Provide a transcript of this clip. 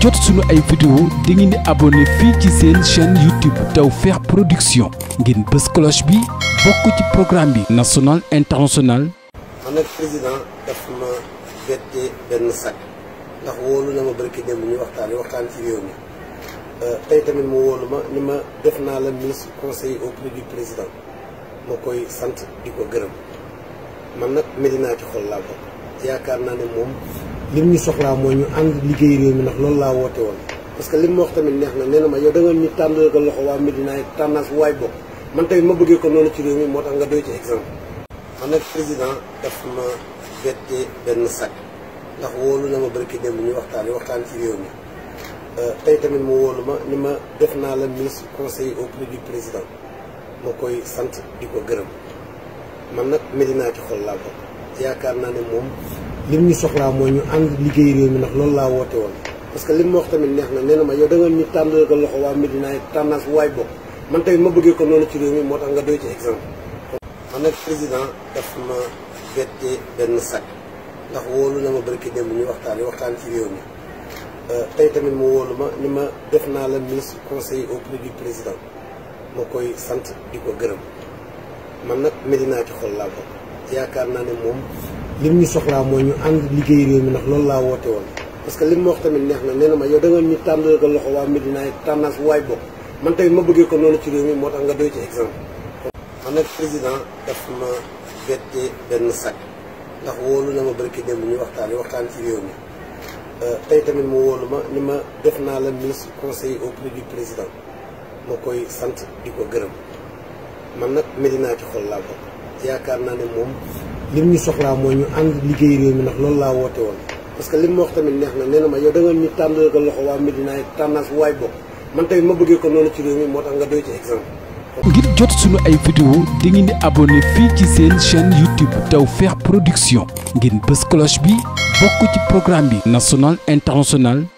jot suñu ay vidéo da ngeen di abonné fii ci seen chaîne YouTube Tawfekh Production ngeen bës cloche bi bokk ci programme bi national international man nag président daf ma bette benn sac ndax wóolu na ma barki démb ñu waxtaan waxtaan ci réew mi euh, tey tamit mu wóolu ma ni ma def naa la ministre conseiller auprès du président ma koy sant di ko gërëm man nag Medina ci xol laa bokk yaakaar naa ne moom lim ñu soxlaa mooy ñu ànd liggéey réew mi ndax loolu laa woote woon parce que lim ma wax tamit neex na nee na ma yow da nga ñu tàndal ko loxo waa Médina ak tendance bu waay bokk man tamit ma bëggee ko noonu ci réew mi moo tax nga doy ci exemple man nag président daf ma bette benn sac ndax wóolu na ma barki démb ñu waxtaan waxtaan ci réew mi euh, tey tamit mu wóolu ma ni ma def naa la ministre conseiller auprès du président ma koy sant di ko gërëm man nag Médina ci xol laa bokk yaakaar naa ne moom lim ñu soxlaa mooy ñu ànd liggéey réew mi ndax loolu laa woote woon parce que lim ma wax tamit neex na nee na ma yow da nga ñu tàndal ko loxo waa Medina tànnaas waay bokk man tamit ma bëggee ko noonu ci réew mi moo tax nga doy ci exemple man nag président daf ma bette benn sac ndax wóolu na ma barki démb ñu waxtaani waxtaan ci réew mi euh, tey tamit mu wóolu ma ni ma def naa la ministre conseiller auprès du président ma koy sant di ko gërëm man nag Medina ci xol laa bokk yaakaar naa ne moom lim ñu soxlaa mooy ñu ànd liggéey réew mi ndax loolu laa woote woon parce que lim ma wax tamit neex na nee na ma yow da ñu tàndal ko loxo waa Medina yi tànnaas waay bokk man tamit ma bëggee ko noonu ci réew mi moo tax nga doy ci exemple man nag président daf ma bette benn sac ndax wóolu na ma barki démb ñu waxtaan waxtaan ci réew euh, tey tamit mu wóolu ma ni ma def naa la ministre conseiller auprès du président ma koy sant di ko gërëm man nag Medina ci xol laa bokk yaakaar naa ne moom lim ñu soxlaa mooy ñu ànd liggéey réew mi ndax loolu laa woote woon parce que lim ma wax tamit neex na nee ma yow da ñu tàndal ko loxo waa Medina yi tànnaas waay bokk man tamit ma bëggee ko noonu ci réew mi moo tax nga doy ci exemple. ngir jot suñu ay vidéo di ngeen di abonné fii ci seen chaîne YouTube Tawfekh Production ngeen bës cloche bi bokk ci programme bi national international